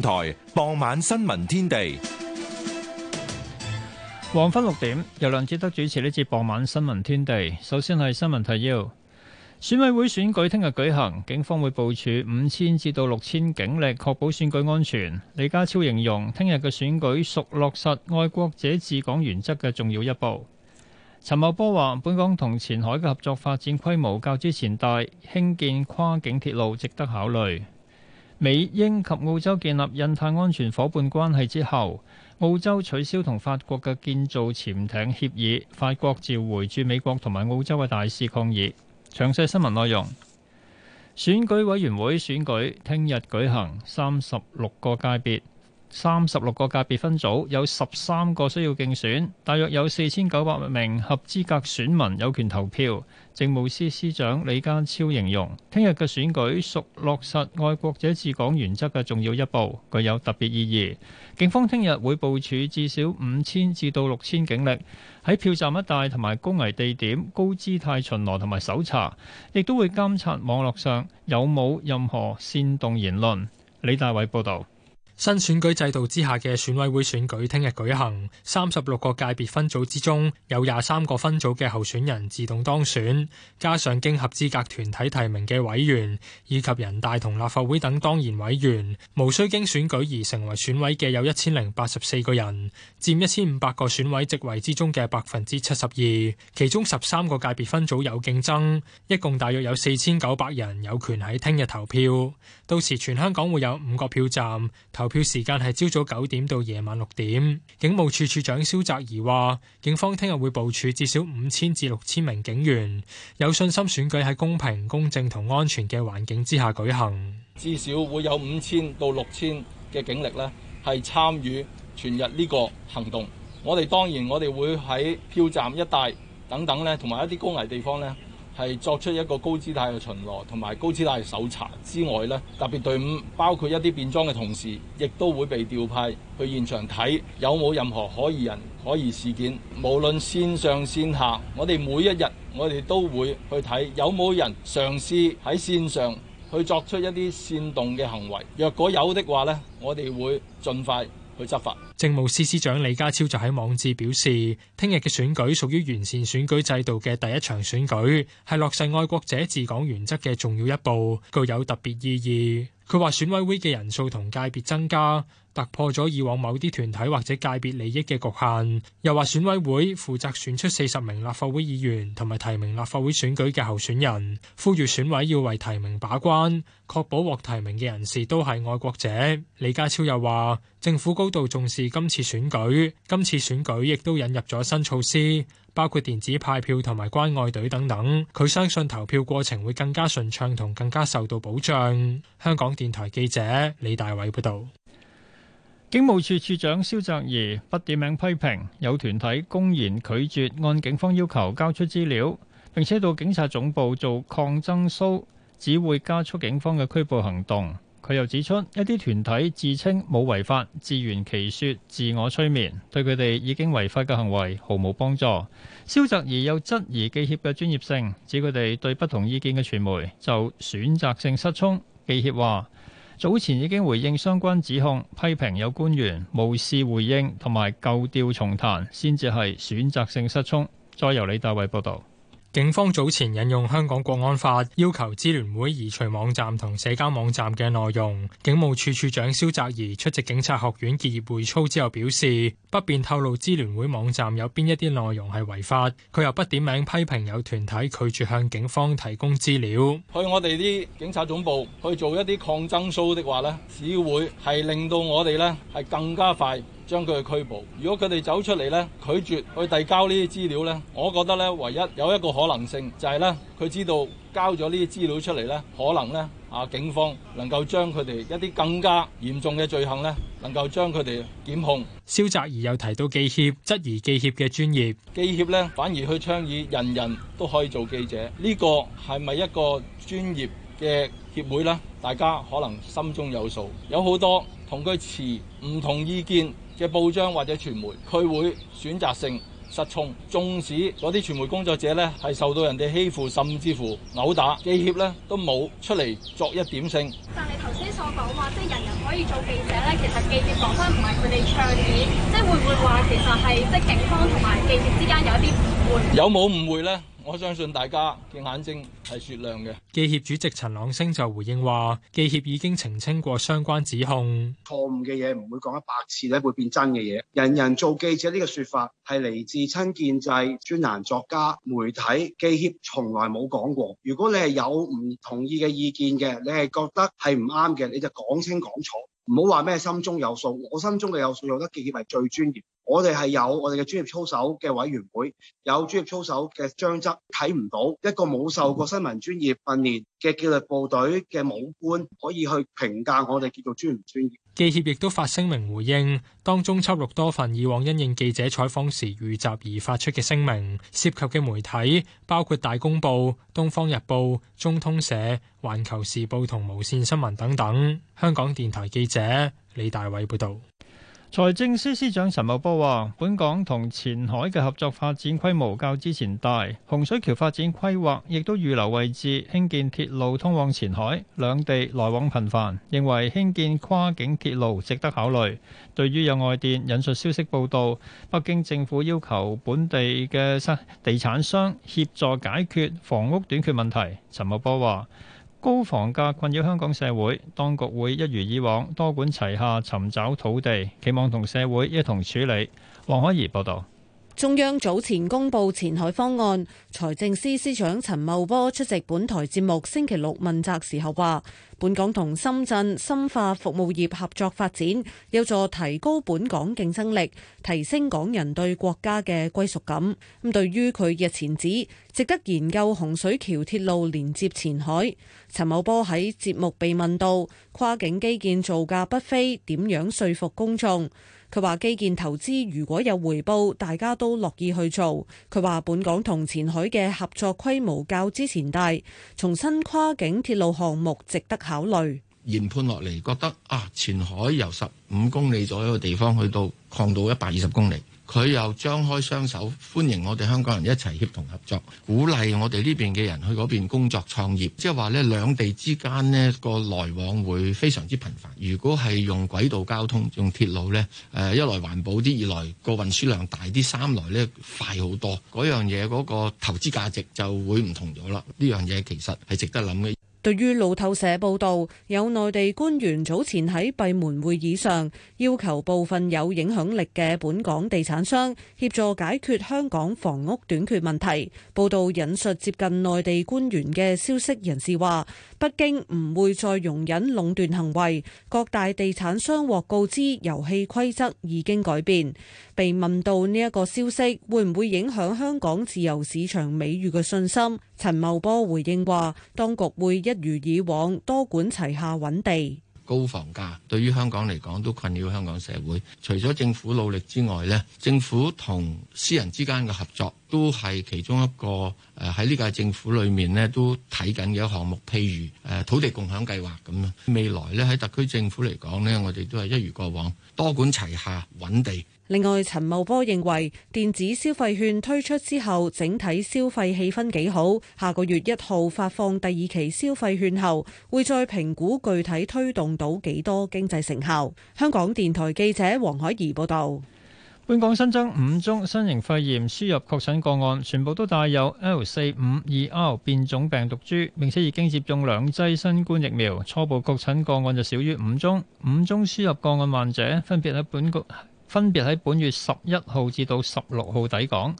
台傍晚新聞天地，黃昏六點由梁志德主持呢節傍晚新聞天地。首先係新聞提要，選委會選舉聽日舉行，警方會部署五千至到六千警力，確保選舉安全。李家超形容聽日嘅選舉屬落實愛國者治港原則嘅重要一步。陳茂波話，本港同前海嘅合作發展規模較之前大，興建跨境鐵路值得考慮。美英及澳洲建立印太安全伙伴關係之後，澳洲取消同法國嘅建造潛艇協議，法國召回駐美國同埋澳洲嘅大使抗議。詳細新聞內容，選舉委員會選舉聽日舉行三十六個界別。三十六個界別分組有十三個需要競選，大約有四千九百名合資格選民有權投票。政務司司長李家超形容，聽日嘅選舉屬落實愛國者治港原則嘅重要一步，具有特別意義。警方聽日會部署至少五千至到六千警力，喺票站一帶同埋高危地點、高姿態巡邏同埋搜查，亦都會監察網絡上有冇任何煽動言論。李大偉報導。新選舉制度之下嘅選委會選舉聽日舉行，三十六個界別分組之中，有廿三個分組嘅候選人自動當選，加上經合資格團體提名嘅委員，以及人大同立法會等當然委員，無需經選舉而成為選委嘅有一千零八十四個人，佔一千五百個選委席位之中嘅百分之七十二。其中十三個界別分組有競爭，一共大約有四千九百人有權喺聽日投票。到時全香港會有五個票站投票。票時間係朝早九點到夜晚六點。警務處處長蕭澤頤話，警方聽日會部署至少五千至六千名警員，有信心選舉喺公平、公正同安全嘅環境之下舉行。至少會有五千到六千嘅警力呢係參與全日呢個行動。我哋當然，我哋會喺票站一帶等等呢，同埋一啲高危地方呢。係作出一個高姿態嘅巡邏同埋高姿態嘅搜查之外咧，特別隊伍包括一啲變裝嘅同事，亦都會被調派去現場睇有冇任何可疑人、可疑事件。無論線上線下，我哋每一日我哋都會去睇有冇人嘗試喺線上去作出一啲煽動嘅行為。若果有嘅話呢，我哋會盡快。法。政務司司長李家超就喺網誌表示，聽日嘅選舉屬於完善選舉制度嘅第一場選舉，係落實愛國者治港原則嘅重要一步，具有特別意義。佢話選委會嘅人數同界別增加。突破咗以往某啲團體或者界別利益嘅局限，又話選委會負責選出四十名立法會議員，同埋提名立法會選舉嘅候選人，呼籲選委要為提名把關，確保獲提名嘅人士都係愛國者。李家超又話，政府高度重視今次選舉，今次選舉亦都引入咗新措施，包括電子派票同埋關愛隊等等。佢相信投票過程會更加順暢，同更加受到保障。香港電台記者李大偉報道。警務處處長蕭澤頤不點名批評，有團體公然拒絕按警方要求交出資料，並且到警察總部做抗爭騷，只會加速警方嘅拘捕行動。佢又指出，一啲團體自稱冇違法，自圓其說，自我催眠，對佢哋已經違法嘅行為毫無幫助。蕭澤頤又質疑記協嘅專業性，指佢哋對不同意見嘅傳媒就選擇性失聰。記協話早前已經回應相關指控，批評有官員無視回應同埋舊調重彈，先至係選擇性失聰。再由李大衛報道。警方早前引用香港國安法要求支聯會移除網站同社交網站嘅內容。警務處處長蕭澤頤出席警察學院結業會操之後表示，不便透露支聯會網站有邊一啲內容係違法。佢又不點名批評有團體拒絕向警方提供資料。去我哋啲警察總部去做一啲抗爭 show 的話咧，只會係令到我哋咧係更加快，將佢去拘捕。如果佢哋走出嚟咧，拒絕去遞交呢啲資料咧，我覺得咧，唯一有一個可能性就係咧，佢知道交咗呢啲資料出嚟咧，可能咧啊，警方能夠將佢哋一啲更加嚴重嘅罪行咧，能夠將佢哋檢控。蕭澤怡又提到記協質疑記協嘅專業，記協咧反而去倡議人人都可以做記者，呢個係咪一個專業嘅協會咧？大家可能心中有數，有好多同佢持唔同意見嘅報章或者傳媒，佢會選擇性失聰，縱使嗰啲傳媒工作者咧係受到人哋欺負，甚至乎毆打，記協咧都冇出嚟作一點聲。但係頭先所講話，即係人人可以做記者咧，其實記協講翻唔係佢哋倡議，即係會唔會話其實係即係警方同埋記協之間有一啲誤會？有冇誤會咧？我相信大家嘅眼睛係雪亮嘅。記協主席陳朗升就回應話，記協已經澄清過相關指控，錯誤嘅嘢唔會講一百次咧，會變真嘅嘢。人人做記者呢個說法係嚟自親建制專欄作家，媒體記協從來冇講過。如果你係有唔同意嘅意見嘅，你係覺得係唔啱嘅，你就講清講楚。唔好話咩心中有數，我心中嘅有數有得，記者係最專業，我哋係有我哋嘅專業操守嘅委員會，有專業操守嘅章則，睇唔到一個冇受過新聞專業訓練嘅紀律部隊嘅武官可以去評價我哋叫做專唔專業？記協亦都發聲明回應，當中輯錄多份以往因應記者採訪時遇襲而發出嘅聲明，涉及嘅媒體包括大公報、東方日報、中通社、環球時報同無綫新聞等等。香港電台記者李大偉報道。財政司司長陳茂波話：本港同前海嘅合作發展規模較之前大，洪水橋發展規劃亦都預留位置，興建鐵路通往前海，兩地來往頻繁，認為興建跨境鐵路值得考慮。對於有外電引述消息報道，北京政府要求本地嘅地產商協助解決房屋短缺問題，陳茂波話。高房價困擾香港社會，當局會一如以往多管齊下尋找土地，期望同社會一同處理。黃海怡報導。中央早前公布前海方案，財政司司長陳茂波出席本台節目星期六問責時候話，本港同深圳深化服務業合作發展，有助提高本港競爭力，提升港人對國家嘅歸屬感。咁對於佢日前指值得研究洪水橋鐵路連接前海，陳茂波喺節目被問到跨境基建造價不菲，點樣說服公眾？佢話基建投資如果有回報，大家都樂意去做。佢話本港同前海嘅合作規模較之前大，重新跨境鐵路項目值得考慮。研判落嚟覺得啊，前海由十五公里左右嘅地方去到擴到一百二十公里。佢又張開雙手歡迎我哋香港人一齊協同合作，鼓勵我哋呢邊嘅人去嗰邊工作創業，即係話呢，兩地之間呢個來往會非常之頻繁。如果係用軌道交通、用鐵路呢，誒、呃、一來環保啲，二來個運輸量大啲，三來呢，快好多，嗰樣嘢嗰個投資價值就會唔同咗啦。呢樣嘢其實係值得諗嘅。對於路透社報道，有內地官員早前喺閉門會議上要求部分有影響力嘅本港地產商協助解決香港房屋短缺問題。報道引述接近內地官員嘅消息人士話，北京唔會再容忍壟斷行為，各大地產商獲告知遊戲規則已經改變。被問到呢一個消息會唔會影響香港自由市場美譽嘅信心，陳茂波回應話，當局會一如以往多管齊下揾地。高房價，對於香港嚟講都困擾香港社會。除咗政府努力之外呢，政府同私人之間嘅合作都係其中一個誒喺呢屆政府裡面呢，都睇緊嘅項目，譬如誒土地共享計劃咁啦。未來呢，喺特區政府嚟講呢，我哋都係一如過往多管齊下揾地。另外，陳茂波認為電子消費券推出之後，整體消費氣氛幾好。下個月一號發放第二期消費券後，會再評估具體推動到幾多經濟成效。香港電台記者黃海怡報導。本港新增五宗新型肺炎輸入確診個案，全部都帶有 L 四五二 R 變種病毒株，並且已經接種兩劑新冠疫苗。初步確診個案就少於五宗。五宗輸入個案患者分別喺本局。分別喺本月十一號至到十六號抵港。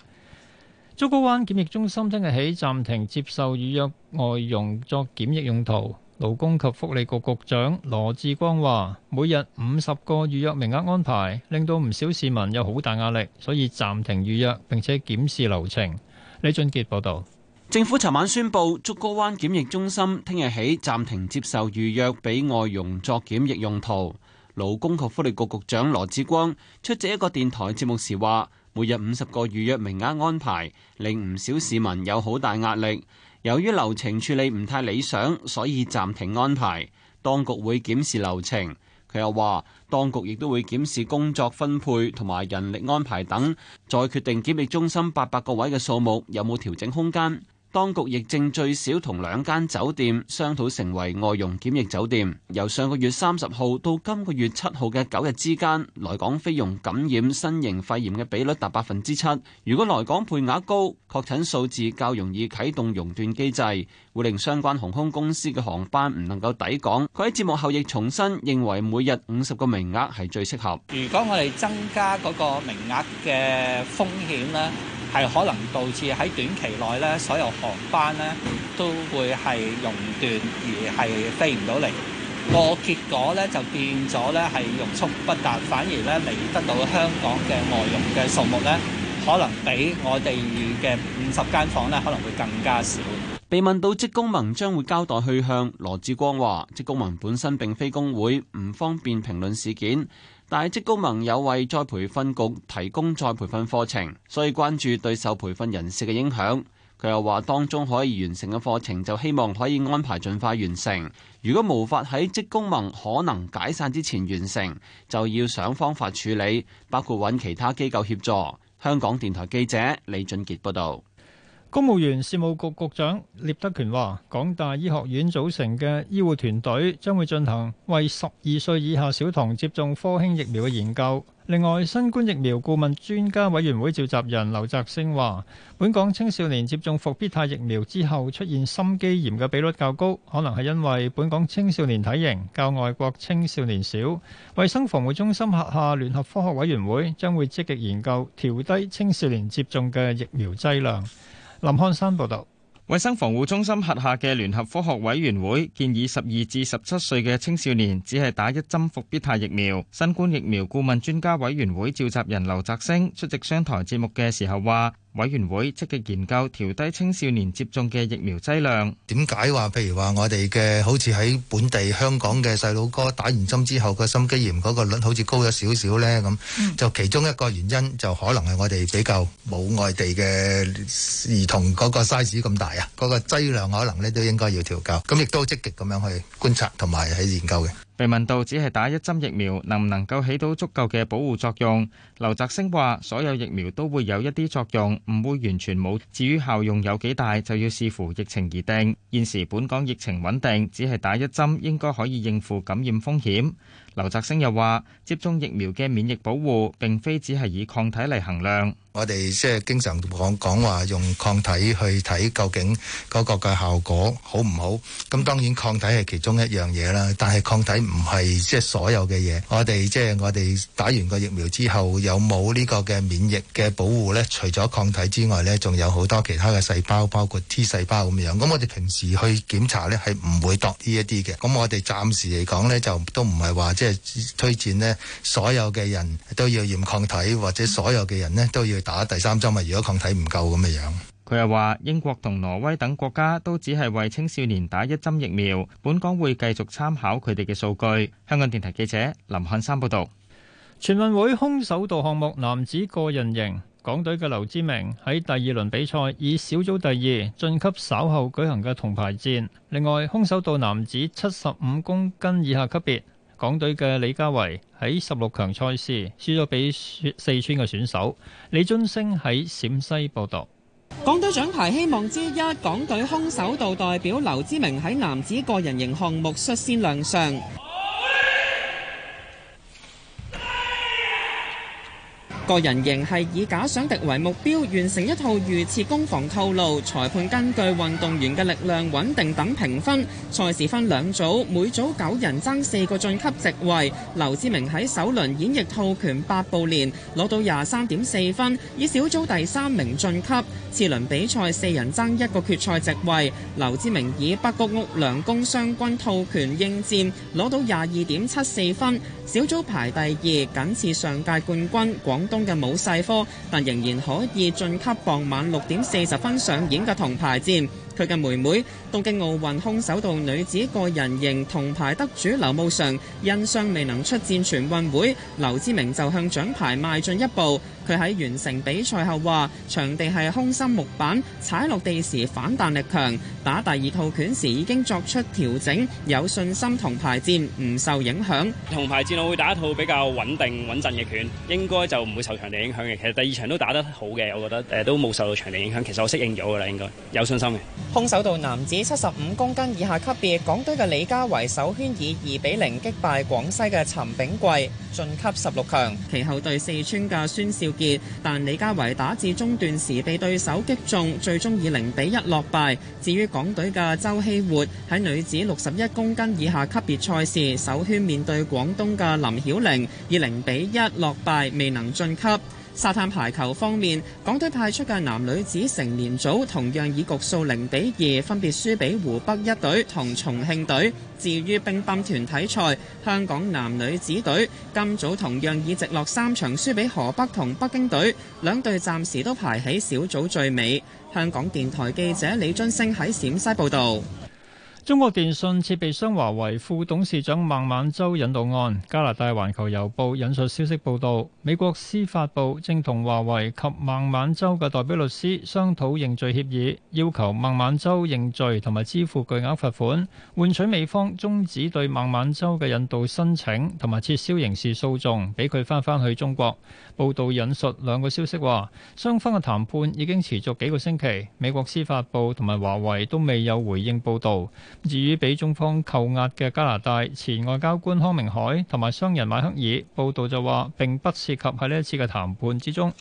竹篙灣檢疫中心聽日起暫停接受預約外傭作檢疫用途。勞工及福利局局長羅致光話：每日五十個預約名額安排，令到唔少市民有好大壓力，所以暫停預約並且檢視流程。李俊傑報導。政府尋晚宣布，竹篙灣檢疫中心聽日起暫停接受預約，俾外佣作檢疫用途。勞工及福利局局長羅志光出席一個電台節目時話，每日五十個預約名額安排令唔少市民有好大壓力。由於流程處理唔太理想，所以暫停安排。當局會檢視流程，佢又話當局亦都會檢視工作分配同埋人力安排等，再決定檢疫中心八百個位嘅數目有冇調整空間。當局亦正最少同兩間酒店商討成為外傭檢疫酒店。由上個月三十號到今個月七號嘅九日之間，來港菲傭感染新型肺炎嘅比率達百分之七。如果來港配額高，確診數字較容易啟動熔斷機制。會令相關航空公司嘅航班唔能夠抵港。佢喺節目後亦重申，認為每日五十個名額係最適合。如果我哋增加嗰個名額嘅風險咧，係可能導致喺短期內咧，所有航班咧都會係熔斷而係飛唔到嚟。個結果咧就變咗咧係欲速不達，反而咧，嚟得到香港嘅外傭嘅數目咧，可能比我哋嘅五十間房咧可能會更加少。被問到職工盟將會交代去向，羅致光話：職工盟本身並非工會，唔方便評論事件。但係職工盟有為再培訓局提供再培訓課程，所以關注對受培訓人士嘅影響。佢又話：當中可以完成嘅課程，就希望可以安排盡快完成。如果無法喺職工盟可能解散之前完成，就要想方法處理，包括揾其他機構協助。香港電台記者李俊傑報道。公務員事務局局長聶德權話：港大醫學院組成嘅醫護團隊將會進行為十二歲以下小童接種科興疫苗嘅研究。另外，新冠疫苗顧問專家委員會召集人劉澤星話：本港青少年接種復必泰疫苗之後出現心肌炎嘅比率較高，可能係因為本港青少年體型較外國青少年少。衛生防護中心轄下聯合科學委員會將會積極研究調低青少年接種嘅疫苗劑量。林漢山報道，衛生防護中心轄下嘅聯合科學委員會建議，十二至十七歲嘅青少年只係打一針復必泰疫苗。新冠疫苗顧問專家委員會召集人劉澤星出席商台節目嘅時候話。委員會積極研究調低青少年接種嘅疫苗劑量。點解話，譬如話我哋嘅好似喺本地香港嘅細佬哥打完針之後個心肌炎嗰個率好似高咗少少呢？咁就其中一個原因就可能係我哋比較冇外地嘅兒童嗰個 size 咁大啊，嗰個劑量可能咧都應該要調校。咁亦都積極咁樣去觀察同埋喺研究嘅。被問到只係打一針疫苗能唔能夠起到足夠嘅保護作用，劉澤星話：所有疫苗都會有一啲作用，唔會完全冇。至於效用有幾大，就要視乎疫情而定。現時本港疫情穩定，只係打一針應該可以應付感染風險。劉澤星又話：接種疫苗嘅免疫保護，並非只係以抗體嚟衡量。我哋即係經常講講話用抗體去睇究竟嗰個嘅效果好唔好？咁當然抗體係其中一樣嘢啦，但係抗體唔係即係所有嘅嘢。我哋即係我哋打完個疫苗之後有冇呢個嘅免疫嘅保護咧？除咗抗體之外咧，仲有好多其他嘅細胞，包括 T 細胞咁樣。咁我哋平時去檢查咧係唔會度呢一啲嘅。咁我哋暫時嚟講咧就都唔係話即係。推薦咧，所有嘅人都要驗抗體，或者所有嘅人咧都要打第三針。如果抗體唔夠咁嘅樣，佢又話英國同挪威等國家都只係為青少年打一針疫苗。本港會繼續參考佢哋嘅數據。香港電台記者林漢山報道，全運會空手道項目男子個人型，港隊嘅劉志明喺第二輪比賽以小組第二晉級稍後舉行嘅銅牌戰。另外，空手道男子七十五公斤以下級別，港隊嘅李家偉喺十六強賽事輸咗俾四川嘅選手。李津星喺陝西報道，港隊獎牌希望之一，港隊空手道代表劉之明喺男子個人型項目率先亮相。個人仍係以假想敵為目標，完成一套預設攻防套路。裁判根據運動員嘅力量、穩定等評分。賽事分兩組，每組九人爭四個晉級席位。劉志明喺首輪演繹套拳八步連，攞到廿三點四分，以小組第三名晉級。次輪比賽四人爭一個決賽席位。劉志明以北谷屋梁弓雙君套拳應戰，攞到廿二點七四分。小組排第二，僅次上屆冠軍廣東嘅武世科，但仍然可以晉級傍晚六點四十分上演嘅銅牌戰。佢嘅妹妹東京奧運空手道女子個人型銅牌得主劉慕裳，因傷未能出戰全運會，劉志明就向獎牌邁進一步。佢喺完成比賽後話：場地係空心木板，踩落地時反彈力強。打第二套拳時已經作出調整，有信心銅牌戰唔受影響。銅牌戰我會打一套比較穩定穩陣嘅拳，應該就唔會受場地影響嘅。其實第二場都打得好嘅，我覺得誒都冇受到場地影響。其實我適應咗㗎啦，應該有信心嘅。空手道男子七十五公斤以下級別，港隊嘅李家維首圈以二比零擊敗廣西嘅陳炳貴，晉級十六強。其後對四川嘅孫少。但李家維打至中段時被對手擊中，最終以零比一落敗。至於港隊嘅周希活喺女子六十一公斤以下級別賽事首圈面對廣東嘅林曉玲，以零比一落敗，未能晉級。沙灘排球方面，港隊派出嘅男女子成年組同樣以局數零比二分別輸俾湖北一隊同重慶隊。至於乒乓團體賽，香港男女子隊今早同樣以直落三場輸俾河北同北京隊，兩隊暫時都排喺小組最尾。香港電台記者李津升喺陝西報道。中國電信設備商華為副董事長孟晚舟引渡案，加拿大環球郵報引述消息報道，美國司法部正同華為及孟晚舟嘅代表律師商討認罪協議，要求孟晚舟認罪同埋支付巨額罰款，換取美方終止對孟晚舟嘅引渡申請同埋撤銷刑事訴訟，俾佢返返去中國。報道引述兩個消息話，雙方嘅談判已經持續幾個星期，美國司法部同埋華為都未有回應報道。至於俾中方扣押嘅加拿大前外交官康明凱同埋商人麥克爾，報道就話並不涉及喺呢一次嘅談判之中。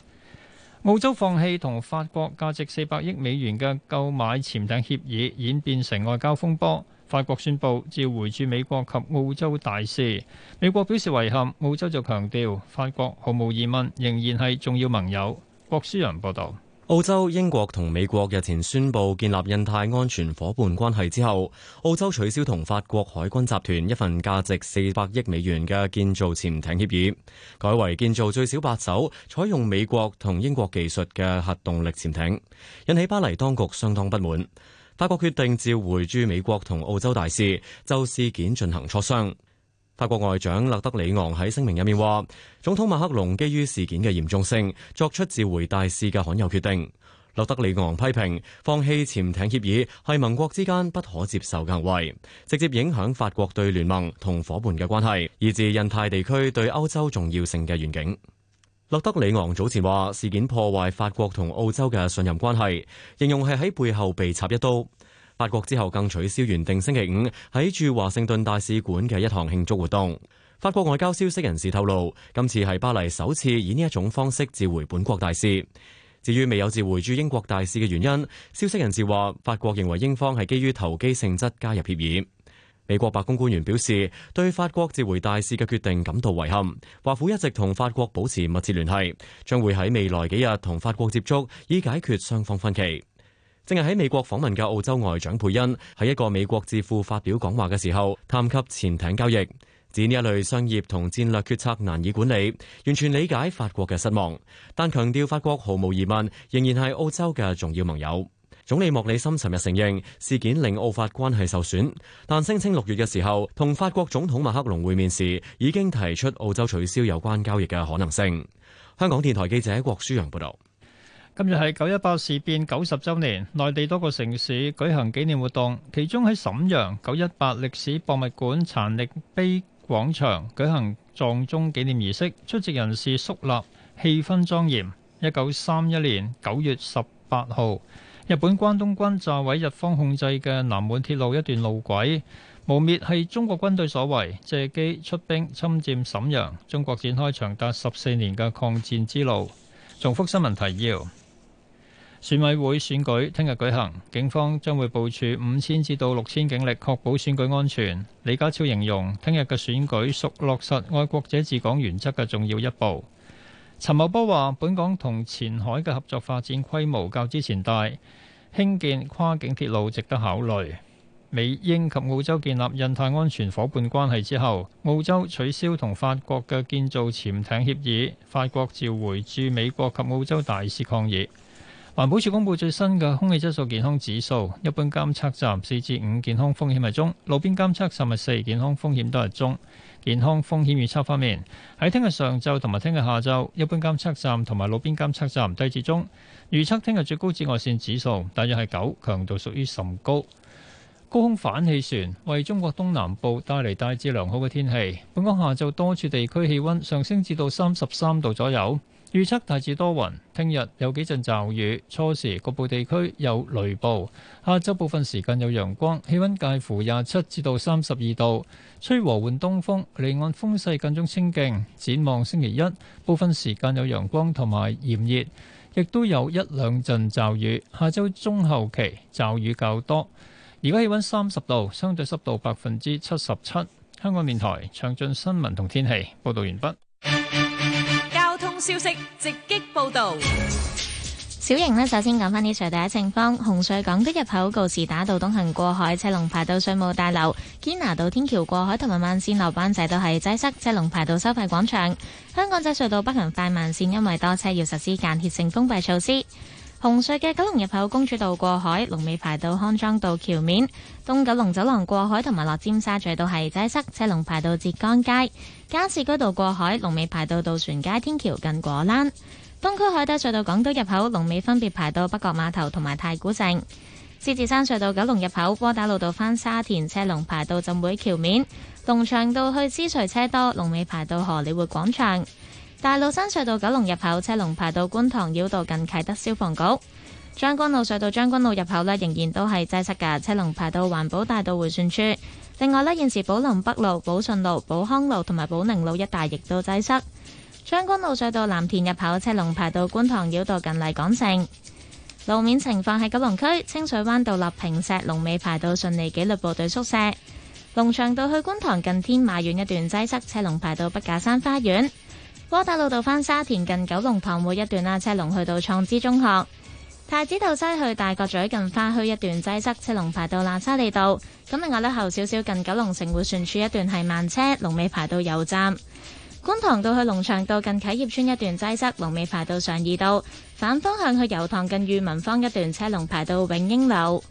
澳洲放棄同法國價值四百億美元嘅購買潛艇協議，演變成外交風波。法國宣布召回駐美國及澳洲大使，美國表示遺憾，澳洲就強調法國毫無疑問仍然係重要盟友。郭思仁報導。澳洲、英國同美國日前宣布建立印太安全夥伴關係之後，澳洲取消同法國海軍集團一份價值四百億美元嘅建造潛艇協議，改為建造最少八艘、採用美國同英國技術嘅核動力潛艇，引起巴黎當局相當不滿。法國決定召回駐美國同澳洲大使，就事件進行磋商。法國外長勒德里昂喺聲明入面話，總統馬克龍基於事件嘅嚴重性，作出召回大使嘅罕有決定。勒德里昂批評放棄潛艇協議係盟國之間不可接受嘅行為，直接影響法國對聯盟同伙伴嘅關係，以至印太地區對歐洲重要性嘅願景。勒德里昂早前話事件破壞法國同澳洲嘅信任關係，形容係喺背後被插一刀。法國之後更取消原定星期五喺駐華盛頓大使館嘅一項慶祝活動。法國外交消息人士透露，今次係巴黎首次以呢一種方式召回本國大使。至於未有召回駐英國大使嘅原因，消息人士話法國認為英方係基於投機性質加入協議。美國白宮官員表示，對法國召回大使嘅決定感到遺憾。華府一直同法國保持密切聯繫，將會喺未來幾日同法國接觸，以解決雙方分歧。正係喺美國訪問嘅澳洲外長佩恩喺一個美國智庫發表講話嘅時候，談及潛艇交易，指呢一類商業同戰略決策難以管理，完全理解法國嘅失望，但強調法國毫無疑問仍然係澳洲嘅重要盟友。總理莫里森尋日承認事件令澳法關係受損，但聲稱六月嘅時候同法國總統馬克龍會面時，已經提出澳洲取消有關交易嘅可能性。香港電台記者郭舒陽報道。今日係九一八事變九十週年，內地多個城市舉行紀念活動。其中喺瀋陽九一八歷史博物館殘曆碑廣場舉行撞鐘紀念儀式，出席人士肅立，氣氛莊嚴。一九三一年九月十八號，日本關東軍炸毀日方控制嘅南滿鐵路一段路軌，誣衊係中國軍隊所為，借機出兵侵佔瀋陽，中國展開長達十四年嘅抗戰之路。重複新聞提要。選委會選舉聽日舉行，警方將會部署五千至到六千警力，確保選舉安全。李家超形容聽日嘅選舉屬落實愛國者治港原則嘅重要一步。陳茂波話，本港同前海嘅合作發展規模較之前大，興建跨境鐵路值得考慮。美英及澳洲建立印太安全夥伴關係之後，澳洲取消同法國嘅建造潛艇協議，法國召回駐美國及澳洲大使抗議。環保署公布最新嘅空氣質素健康指數，一般監測站四至五健康風險係中，路邊監測站係四健康風險都係中。健康風險預測方面，喺聽日上晝同埋聽日下晝，一般監測站同埋路邊監測站低至中。預測聽日最高紫外線指數大約係九，強度屬於甚高。高空反氣旋為中國東南部帶嚟大致良好嘅天氣，本港下晝多處地區氣温上升至到三十三度左右。預測大致多雲，聽日有幾陣驟雨，初時局部地區有雷暴。下周部分時間有陽光，氣溫介乎廿七至到三十二度，吹和緩東風，離岸風勢間中清勁。展望星期一，部分時間有陽光同埋炎熱，亦都有一兩陣驟雨。下周中後期驟雨較多。而家氣溫三十度，相對濕度百分之七十七。香港電台詳盡新聞同天氣報道完畢。消息直擊報道，小瑩咧首先講翻呢隧第一情況，紅隧港島入口告士打道東行過海，車龍排到稅務大樓、堅拿道天橋過海同埋慢綫落班仔都係擠塞，車龍排到收費廣場。香港仔隧道北行快慢綫因為多車，要實施間歇性封閉措施。紅隧嘅九龍入口公主道過海，龍尾排到康莊道橋面；東九龍走廊過海同埋落尖沙咀都係擠塞，車龍排到浙江街；加士居道過海，龍尾排到渡船街天橋近果欄；東區海底隧道港島入口，龍尾分別排到北角碼頭同埋太古城；獅子山隧道九龍入口，窩打老道返沙田，車龍排到浸會橋面；龍翔道去獅隧車多，龍尾排到荷里活廣場。大老山隧道九龍入口車龍排到觀塘繞道近啟德消防局，將軍澳隧道將軍澳入口呢，仍然都係擠塞噶車龍排到環保大道回旋處。另外呢，現時寶林北路、寶順路、寶康路同埋寶寧路一帶亦都擠塞。將軍澳隧道藍田入口車龍排到觀塘繞道近麗港城。路面情況喺九龍區清水灣道立平石龍尾排到順利紀律部隊宿舍。龍翔道去觀塘近天馬苑一段擠塞，車龍排到筆架山花園。窩打老道翻沙田近九龍塘會一段啦，車龍去到創知中學。太子道西去大角咀近花墟一段擠塞，車龍排到喇沙利道。咁另外呢，後少少近九龍城回旋處一段係慢車，龍尾排到油站。觀塘到去龍翔道近啟業村一段擠塞，龍尾排到上二道。反方向去油塘近裕民坊一段車龍排到永英樓。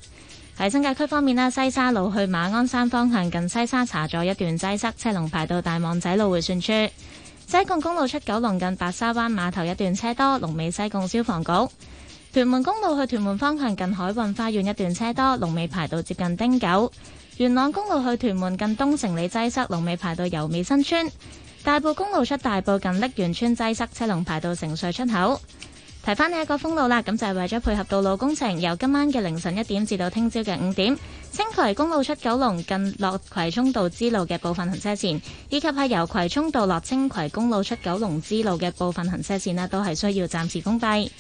喺新界區方面啦，西沙路去馬鞍山方向近西沙茶座一段擠塞，車龍排到大網仔路回旋處。西貢公路出九龍近白沙灣碼頭一段車多，龍尾，西貢消防局；屯門公路去屯門方向近海運花園一段車多，龍尾排到接近汀九；元朗公路去屯門近東城里擠塞，龍尾排到攸美新村；大埔公路出大埔近瀝源村擠塞，車龍排到城隧出口。提翻呢一個封路啦，咁就係為咗配合道路工程，由今晚嘅凌晨一點至到聽朝嘅五點，青葵公路出九龍近落葵涌道支路嘅部分行車線，以及係由葵涌道落青葵公路出九龍支路嘅部分行車線呢都係需要暫時封閉。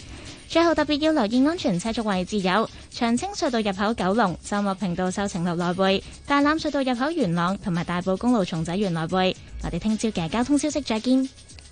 最後特別要留意安全車速位置有長青隧道入口九龍、秀茂坪道秀承路內背、大欖隧道入口元朗同埋大埔公路松仔園內背。我哋聽朝嘅交通消息再見。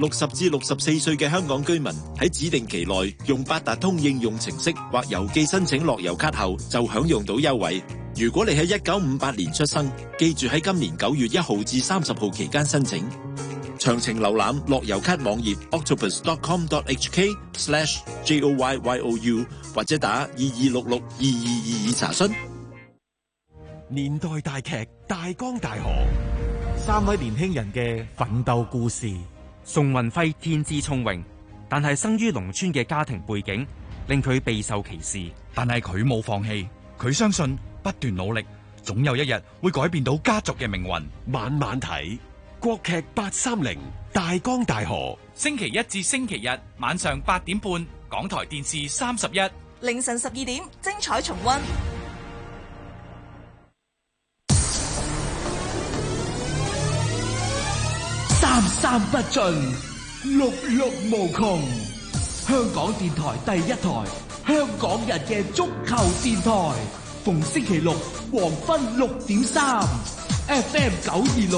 六十至六十四歲嘅香港居民喺指定期內用八達通應用程式或郵寄申請樂悠卡後，就享用到優惠。如果你喺一九五八年出生，記住喺今年九月一號至三十號期間申請。詳情瀏覽樂悠卡網頁，octopus.com.hk/slash/joyyou，或者打二二六六二二二二查詢。年代大劇《大江大河》，三位年輕人嘅奮鬥故事。宋運輝天資聰穎，但係生於農村嘅家庭背景令佢備受歧視。但係佢冇放棄，佢相信不斷努力，總有一日會改變到家族嘅命運。慢慢睇國劇八三零，大江大河，星期一至星期日晚上八點半，港台電視三十一，凌晨十二點，精彩重溫。三三不盡，六六無窮，香港電台第一台，香港人嘅足球電台，逢星期六黃昏六點三，FM 九二六。